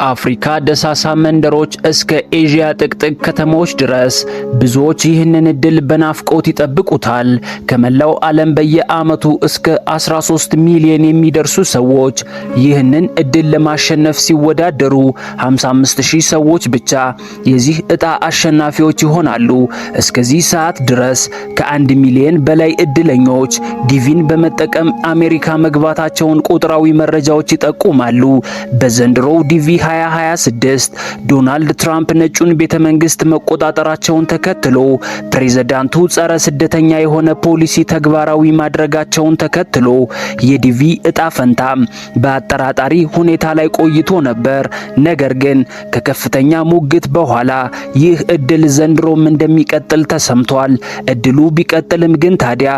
ከአፍሪካ ደሳሳ መንደሮች እስከ ኤዥያ ጥቅጥቅ ከተሞች ድረስ ብዙዎች ይህንን እድል በናፍቆት ይጠብቁታል። ከመላው ዓለም በየዓመቱ እስከ 13 ሚሊዮን የሚደርሱ ሰዎች ይህንን እድል ለማሸነፍ ሲወዳደሩ 55000 ሰዎች ብቻ የዚህ እጣ አሸናፊዎች ይሆናሉ። እስከዚህ ሰዓት ድረስ ከአንድ ሚሊዮን በላይ እድለኞች ዲቪን በመጠቀም አሜሪካ መግባታቸውን ቁጥራዊ መረጃዎች ይጠቁማሉ። በዘንድሮው ዲቪ 2026 ዶናልድ ትራምፕ ነጩን ቤተ መንግስት መቆጣጠራቸውን ተከትሎ ፕሬዝዳንቱ ጸረ ስደተኛ የሆነ ፖሊሲ ተግባራዊ ማድረጋቸውን ተከትሎ የዲቪ እጣ ፈንታ በአጠራጣሪ ሁኔታ ላይ ቆይቶ ነበር። ነገር ግን ከከፍተኛ ሙግት በኋላ ይህ እድል ዘንድሮም እንደሚቀጥል ተሰምቷል። እድሉ ቢቀጥልም ግን ታዲያ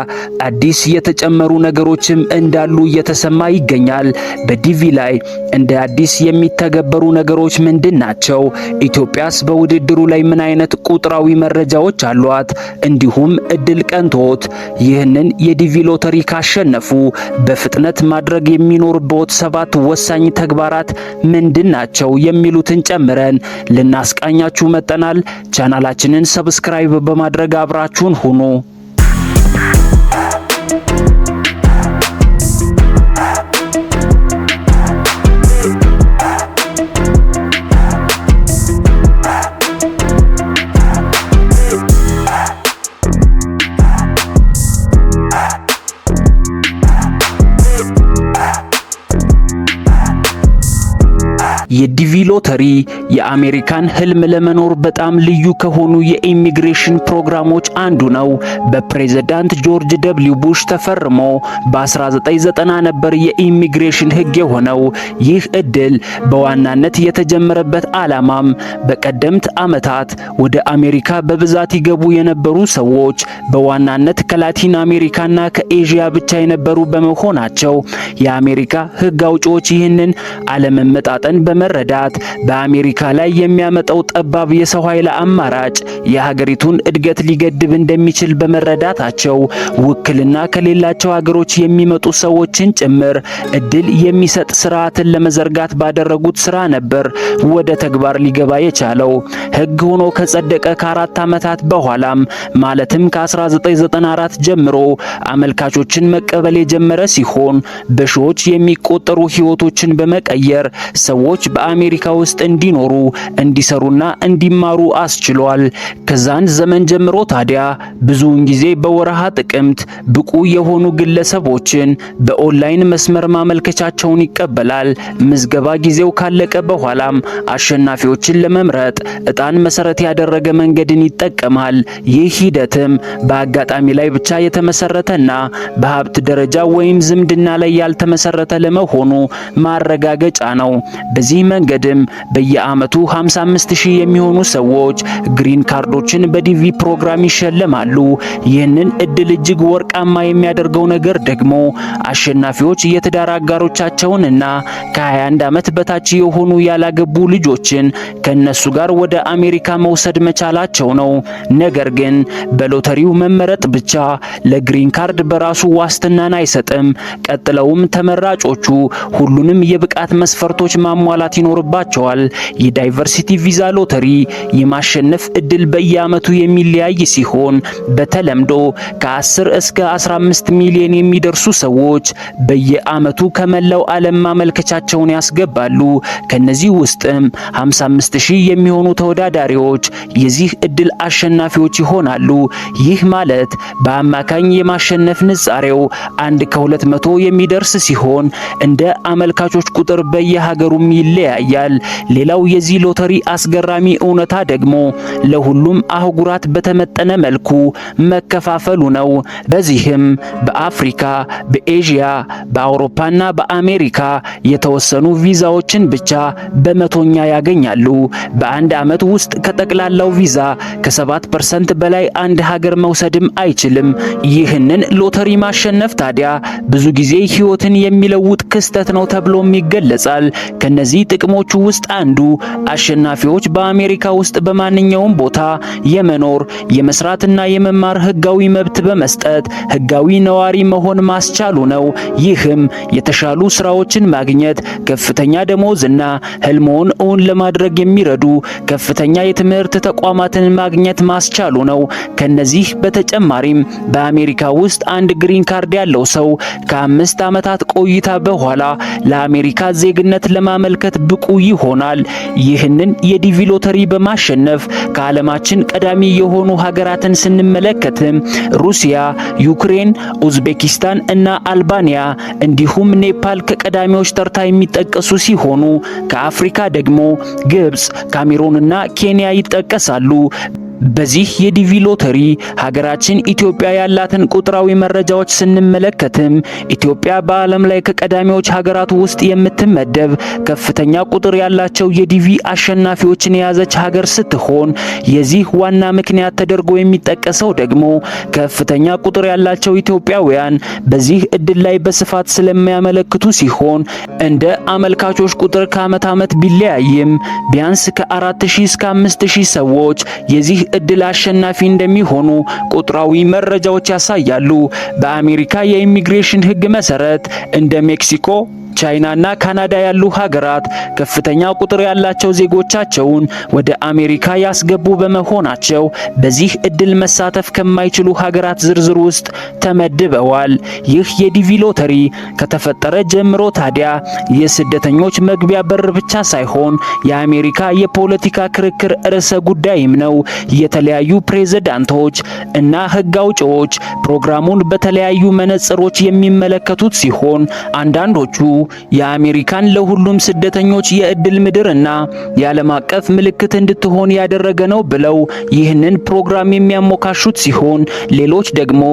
አዲስ የተጨመሩ ነገሮችም እንዳሉ እየተሰማ ይገኛል። በዲቪ ላይ እንደ አዲስ የሚተገበሩ የነበሩ ነገሮች ምንድን ናቸው? ኢትዮጵያስ በውድድሩ ላይ ምን አይነት ቁጥራዊ መረጃዎች አሏት? እንዲሁም እድል ቀንቶት ይህንን የዲቪ ሎተሪ ካሸነፉ በፍጥነት ማድረግ የሚኖርበት ሰባት ወሳኝ ተግባራት ምንድን ናቸው? የሚሉትን ጨምረን ልናስቃኛችሁ መጠናል። ቻናላችንን ሰብስክራይብ በማድረግ አብራችሁን ሁኑ። የዲቪ ሎተሪ የአሜሪካን ህልም ለመኖር በጣም ልዩ ከሆኑ የኢሚግሬሽን ፕሮግራሞች አንዱ ነው። በፕሬዝዳንት ጆርጅ ደብሊው ቡሽ ተፈርሞ በ1990 ነበር የኢሚግሬሽን ህግ የሆነው። ይህ እድል በዋናነት የተጀመረበት ዓላማም በቀደምት ዓመታት ወደ አሜሪካ በብዛት ይገቡ የነበሩ ሰዎች በዋናነት ከላቲን አሜሪካና ከኤዥያ ብቻ የነበሩ በመሆናቸው የአሜሪካ ህግ አውጪዎች ይህንን አለመመጣጠን በመ መረዳት በአሜሪካ ላይ የሚያመጣው ጠባብ የሰው ኃይል አማራጭ የሀገሪቱን እድገት ሊገድብ እንደሚችል በመረዳታቸው ውክልና ከሌላቸው ሀገሮች የሚመጡ ሰዎችን ጭምር እድል የሚሰጥ ስርዓትን ለመዘርጋት ባደረጉት ስራ ነበር ወደ ተግባር ሊገባ የቻለው። ህግ ሆኖ ከጸደቀ ከአራት ዓመታት በኋላም ማለትም ከ1994 ጀምሮ አመልካቾችን መቀበል የጀመረ ሲሆን በሺዎች የሚቆጠሩ ህይወቶችን በመቀየር ሰዎች በአሜሪካ ውስጥ እንዲኖሩ እንዲሰሩና እንዲማሩ አስችሏል። ከዛን ዘመን ጀምሮ ታዲያ ብዙውን ጊዜ በወረሃ ጥቅምት ብቁ የሆኑ ግለሰቦችን በኦንላይን መስመር ማመልከቻቸውን ይቀበላል። ምዝገባ ጊዜው ካለቀ በኋላም አሸናፊዎችን ለመምረጥ እጣን መሰረት ያደረገ መንገድን ይጠቀማል። ይህ ሂደትም በአጋጣሚ ላይ ብቻ የተመሰረተና በሀብት ደረጃ ወይም ዝምድና ላይ ያልተመሰረተ ለመሆኑ ማረጋገጫ ነው። በዚህ በዚህ መንገድም በየአመቱ 55000 ሺህ የሚሆኑ ሰዎች ግሪን ካርዶችን በዲቪ ፕሮግራም ይሸለማሉ። ይህንን እድል እጅግ ወርቃማ የሚያደርገው ነገር ደግሞ አሸናፊዎች የትዳር አጋሮቻቸውን እና ከ21 ዓመት በታች የሆኑ ያላገቡ ልጆችን ከነሱ ጋር ወደ አሜሪካ መውሰድ መቻላቸው ነው። ነገር ግን በሎተሪው መመረጥ ብቻ ለግሪን ካርድ በራሱ ዋስትናን አይሰጥም። ቀጥለውም ተመራጮቹ ሁሉንም የብቃት መስፈርቶች ማሟላት ማሟላት ይኖርባቸዋል። የዳይቨርሲቲ ቪዛ ሎተሪ የማሸነፍ እድል በየአመቱ የሚለያይ ሲሆን በተለምዶ ከ10 እስከ 15 ሚሊዮን የሚደርሱ ሰዎች በየአመቱ ከመላው ዓለም ማመልከቻቸውን ያስገባሉ። ከነዚህ ውስጥም 55 ሺህ የሚሆኑ ተወዳዳሪዎች የዚህ እድል አሸናፊዎች ይሆናሉ። ይህ ማለት በአማካኝ የማሸነፍ ንጻሬው አንድ ከ200 የሚደርስ ሲሆን እንደ አመልካቾች ቁጥር በየሀገሩም ይለያያል። ሌላው የዚህ ሎተሪ አስገራሚ እውነታ ደግሞ ለሁሉም አህጉራት በተመጠነ መልኩ መከፋፈሉ ነው። በዚህም በአፍሪካ፣ በኤዥያ፣ በአውሮፓና በአሜሪካ የተወሰኑ ቪዛዎችን ብቻ በመቶኛ ያገኛሉ። በአንድ ዓመት ውስጥ ከጠቅላላው ቪዛ ከሰባት ፐርሰንት በላይ አንድ ሀገር መውሰድም አይችልም። ይህንን ሎተሪ ማሸነፍ ታዲያ ብዙ ጊዜ ሕይወትን የሚለውጥ ክስተት ነው ተብሎም ይገለጻል። ከነዚህ ጥቅሞቹ ውስጥ አንዱ አሸናፊዎች በአሜሪካ ውስጥ በማንኛውም ቦታ የመኖር የመስራትና የመማር ህጋዊ መብት በመስጠት ህጋዊ ነዋሪ መሆን ማስቻሉ ነው። ይህም የተሻሉ ስራዎችን ማግኘት፣ ከፍተኛ ደሞዝና ህልሞን እውን ለማድረግ የሚረዱ ከፍተኛ የትምህርት ተቋማትን ማግኘት ማስቻሉ ነው። ከነዚህ በተጨማሪም በአሜሪካ ውስጥ አንድ ግሪን ካርድ ያለው ሰው ከአምስት ዓመታት ቆይታ በኋላ ለአሜሪካ ዜግነት ለማመልከት ለመመልከት ብቁ ይሆናል። ይህንን የዲቪ ሎተሪ በማሸነፍ ከዓለማችን ቀዳሚ የሆኑ ሀገራትን ስንመለከትም ሩሲያ፣ ዩክሬን፣ ኡዝቤኪስታን እና አልባንያ እንዲሁም ኔፓል ከቀዳሚዎች ተርታ የሚጠቀሱ ሲሆኑ ከአፍሪካ ደግሞ ግብጽ፣ ካሜሩን እና ኬንያ ይጠቀሳሉ። በዚህ የዲቪ ሎተሪ ሀገራችን ኢትዮጵያ ያላትን ቁጥራዊ መረጃዎች ስንመለከትም ኢትዮጵያ በዓለም ላይ ከቀዳሚዎች ሀገራት ውስጥ የምትመደብ ከፍተኛ ቁጥር ያላቸው የዲቪ አሸናፊዎችን የያዘች ሀገር ስትሆን የዚህ ዋና ምክንያት ተደርጎ የሚጠቀሰው ደግሞ ከፍተኛ ቁጥር ያላቸው ኢትዮጵያውያን በዚህ እድል ላይ በስፋት ስለሚያመለክቱ ሲሆን እንደ አመልካቾች ቁጥር ከዓመት ዓመት ቢለያይም ቢያንስ ከ4000 እስከ 5000 ሰዎች የዚህ እድል አሸናፊ እንደሚሆኑ ቁጥራዊ መረጃዎች ያሳያሉ። በአሜሪካ የኢሚግሬሽን ሕግ መሰረት እንደ ሜክሲኮ ቻይናና ካናዳ ያሉ ሀገራት ከፍተኛ ቁጥር ያላቸው ዜጎቻቸውን ወደ አሜሪካ ያስገቡ በመሆናቸው በዚህ እድል መሳተፍ ከማይችሉ ሀገራት ዝርዝር ውስጥ ተመድበዋል። ይህ የዲቪ ሎተሪ ከተፈጠረ ጀምሮ ታዲያ የስደተኞች መግቢያ በር ብቻ ሳይሆን የአሜሪካ የፖለቲካ ክርክር ርዕሰ ጉዳይም ነው። የተለያዩ ፕሬዝዳንቶች እና ህግ አውጪዎች ፕሮግራሙን በተለያዩ መነጽሮች የሚመለከቱት ሲሆን አንዳንዶቹ የአሜሪካን ለሁሉም ስደተኞች የእድል ምድር እና የዓለም አቀፍ ምልክት እንድትሆን ያደረገ ነው ብለው ይህንን ፕሮግራም የሚያሞካሹት ሲሆን ሌሎች ደግሞ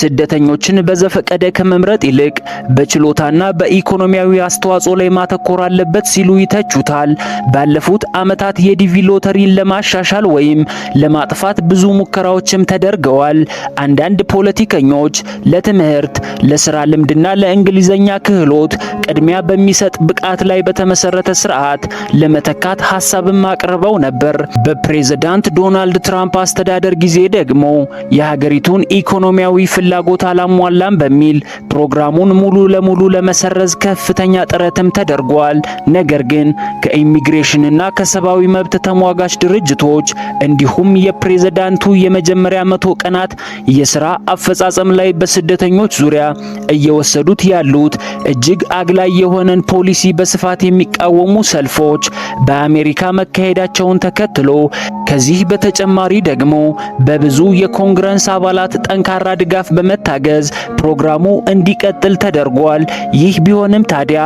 ስደተኞችን በዘፈቀደ ከመምረጥ ይልቅ በችሎታና በኢኮኖሚያዊ አስተዋጽኦ ላይ ማተኮር አለበት ሲሉ ይተቹታል። ባለፉት ዓመታት የዲቪ ሎተሪን ለማሻሻል ወይም ለማጥፋት ብዙ ሙከራዎችም ተደርገዋል። አንዳንድ ፖለቲከኞች ለትምህርት፣ ለስራ ልምድና ለእንግሊዘኛ ክህሎት ቅድሚያ በሚሰጥ ብቃት ላይ በተመሰረተ ስርዓት ለመተካት ሀሳብም አቅርበው ነበር። በፕሬዝዳንት ዶናልድ ትራምፕ አስተዳደር ጊዜ ደግሞ የሀገሪቱን ኢኮኖሚያዊ ፍላጎት አላሟላም በሚል ፕሮግራሙን ሙሉ ለሙሉ ለመሰረዝ ከፍተኛ ጥረትም ተደርጓል። ነገር ግን ከኢሚግሬሽንና ከሰብአዊ መብት ተሟጋች ድርጅቶች እንዲሁም የፕሬዝዳንቱ የመጀመሪያ መቶ ቀናት የስራ አፈጻጸም ላይ በስደተኞች ዙሪያ እየወሰዱት ያሉት እጅግ አግላ ላይ የሆነን ፖሊሲ በስፋት የሚቃወሙ ሰልፎች በአሜሪካ መካሄዳቸውን ተከትሎ ከዚህ በተጨማሪ ደግሞ በብዙ የኮንግረስ አባላት ጠንካራ ድጋፍ በመታገዝ ፕሮግራሙ እንዲቀጥል ተደርጓል። ይህ ቢሆንም ታዲያ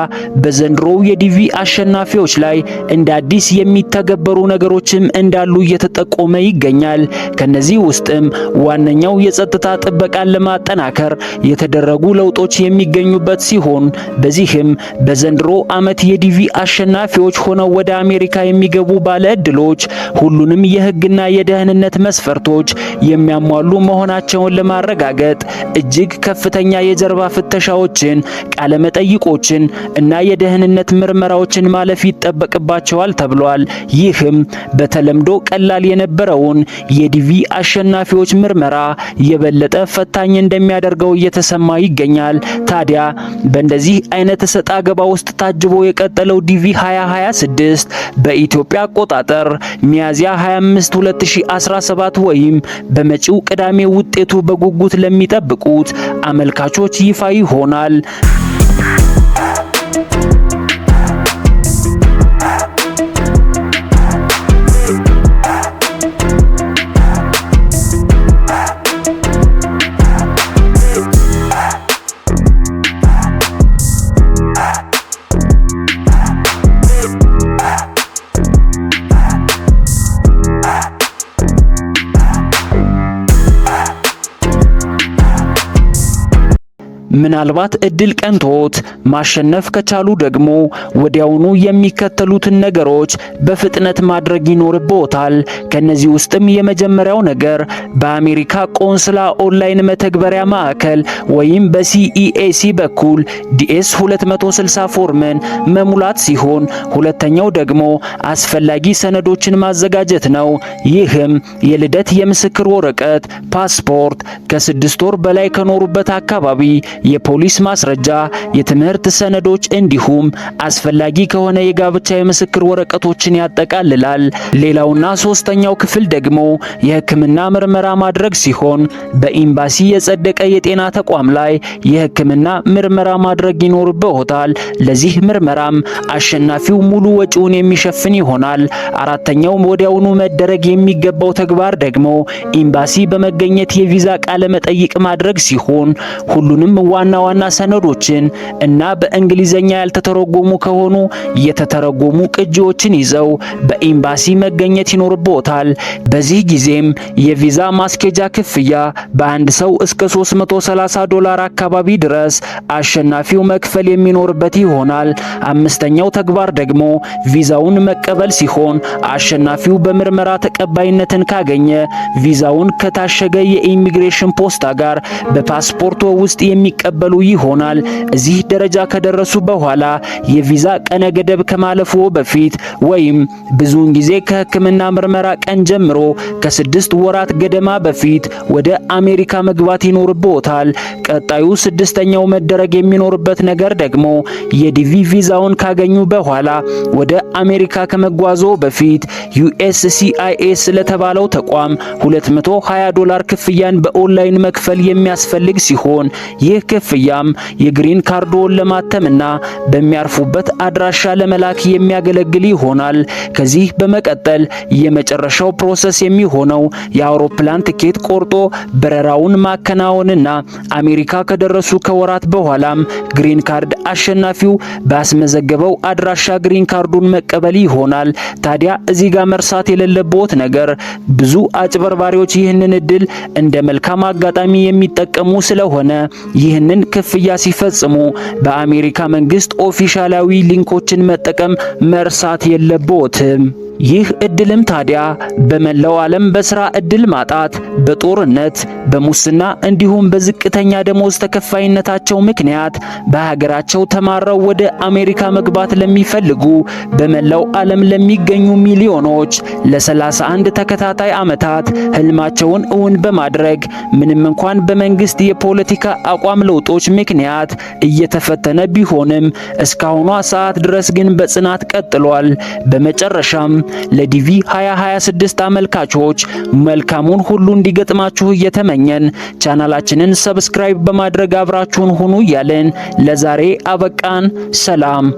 በዘንድሮው የዲቪ አሸናፊዎች ላይ እንደ አዲስ የሚተገበሩ ነገሮችም እንዳሉ እየተጠቆመ ይገኛል። ከነዚህ ውስጥም ዋነኛው የጸጥታ ጥበቃን ለማጠናከር የተደረጉ ለውጦች የሚገኙበት ሲሆን በዚህም በተጨማሪም በዘንድሮ ዓመት የዲቪ አሸናፊዎች ሆነው ወደ አሜሪካ የሚገቡ ባለ እድሎች ሁሉንም የህግና የደህንነት መስፈርቶች የሚያሟሉ መሆናቸውን ለማረጋገጥ እጅግ ከፍተኛ የጀርባ ፍተሻዎችን፣ ቃለመጠይቆችን እና የደህንነት ምርመራዎችን ማለፍ ይጠበቅባቸዋል ተብሏል። ይህም በተለምዶ ቀላል የነበረውን የዲቪ አሸናፊዎች ምርመራ የበለጠ ፈታኝ እንደሚያደርገው እየተሰማ ይገኛል። ታዲያ በእንደዚህ አይነት ሰጣ ገባ ውስጥ ታጅቦ የቀጠለው ዲቪ 2026 በኢትዮጵያ አቆጣጠር ሚያዝያ 25 2017 ወይም በመጪው ቅዳሜ ውጤቱ በጉጉት ለሚጠብቁት አመልካቾች ይፋ ይሆናል። ምናልባት እድል ቀንቶት ማሸነፍ ከቻሉ ደግሞ ወዲያውኑ የሚከተሉትን ነገሮች በፍጥነት ማድረግ ይኖርብዎታል። ከነዚህ ውስጥም የመጀመሪያው ነገር በአሜሪካ ቆንስላ ኦንላይን መተግበሪያ ማዕከል ወይም በሲኢኤሲ በኩል ዲኤስ 260 ፎርምን መሙላት ሲሆን ሁለተኛው ደግሞ አስፈላጊ ሰነዶችን ማዘጋጀት ነው። ይህም የልደት የምስክር ወረቀት፣ ፓስፖርት፣ ከስድስት ወር በላይ ከኖሩበት አካባቢ የፖሊስ ማስረጃ፣ የትምህርት ሰነዶች እንዲሁም አስፈላጊ ከሆነ የጋብቻ የምስክር ወረቀቶችን ያጠቃልላል። ሌላውና ሶስተኛው ክፍል ደግሞ የሕክምና ምርመራ ማድረግ ሲሆን በኤምባሲ የጸደቀ የጤና ተቋም ላይ የሕክምና ምርመራ ማድረግ ይኖርበታል ለዚህ ምርመራም አሸናፊው ሙሉ ወጪውን የሚሸፍን ይሆናል። አራተኛው ወዲያውኑ መደረግ የሚገባው ተግባር ደግሞ ኤምባሲ በመገኘት የቪዛ ቃለ መጠይቅ ማድረግ ሲሆን ሁሉንም ዋና ዋና ሰነዶችን እና በእንግሊዘኛ ያልተተረጎሙ ከሆኑ የተተረጎሙ ቅጂዎችን ይዘው በኤምባሲ መገኘት ይኖርብዎታል። በዚህ ጊዜም የቪዛ ማስኬጃ ክፍያ በአንድ ሰው እስከ 330 ዶላር አካባቢ ድረስ አሸናፊው መክፈል የሚኖርበት ይሆናል። አምስተኛው ተግባር ደግሞ ቪዛውን መቀበል ሲሆን አሸናፊው በምርመራ ተቀባይነትን ካገኘ ቪዛውን ከታሸገ የኢሚግሬሽን ፖስታ ጋር በፓስፖርቶ ውስጥ የሚቀ ይቀበሉ ይሆናል። እዚህ ደረጃ ከደረሱ በኋላ የቪዛ ቀነ ገደብ ከማለፉ በፊት ወይም ብዙውን ጊዜ ከሕክምና ምርመራ ቀን ጀምሮ ከስድስት ወራት ገደማ በፊት ወደ አሜሪካ መግባት ይኖርብዎታል። ቀጣዩ ስድስተኛው መደረግ የሚኖርበት ነገር ደግሞ የዲቪ ቪዛውን ካገኙ በኋላ ወደ አሜሪካ ከመጓዞ በፊት ዩኤስሲአይኤስ ለተባለው ተቋም 220 ዶላር ክፍያን በኦንላይን መክፈል የሚያስፈልግ ሲሆን ይህ ክፍያም የግሪን ካርዶን ለማተምና በሚያርፉበት አድራሻ ለመላክ የሚያገለግል ይሆናል። ከዚህ በመቀጠል የመጨረሻው ፕሮሰስ የሚሆነው የአውሮፕላን ትኬት ቆርጦ በረራውን ማከናወንና አሜሪካ ከደረሱ ከወራት በኋላም ግሪን ካርድ አሸናፊው ባስመዘገበው አድራሻ ግሪን ካርዱን መቀበል ይሆናል። ታዲያ እዚህ ጋር መርሳት የሌለበት ነገር ብዙ አጭበርባሪዎች ይህንን እድል እንደ መልካም አጋጣሚ የሚጠቀሙ ስለሆነ ይህን ይህንን ክፍያ ሲፈጽሙ በአሜሪካ መንግስት ኦፊሻላዊ ሊንኮችን መጠቀም መርሳት የለብዎትም። ይህ እድልም ታዲያ በመላው ዓለም በስራ እድል ማጣት፣ በጦርነት፣ በሙስና እንዲሁም በዝቅተኛ ደሞዝ ተከፋይነታቸው ምክንያት በሀገራቸው ተማረው ወደ አሜሪካ መግባት ለሚፈልጉ በመላው ዓለም ለሚገኙ ሚሊዮኖች ለ31 ተከታታይ ዓመታት ህልማቸውን እውን በማድረግ ምንም እንኳን በመንግስት የፖለቲካ አቋም ለውጦች ምክንያት እየተፈተነ ቢሆንም እስካሁኗ ሰዓት ድረስ ግን በጽናት ቀጥሏል። በመጨረሻም ለዲቪ 2026 አመልካቾች መልካሙን ሁሉ እንዲገጥማችሁ እየተመኘን ቻናላችንን ሰብስክራይብ በማድረግ አብራችሁን ሁኑ እያልን ለዛሬ አበቃን። ሰላም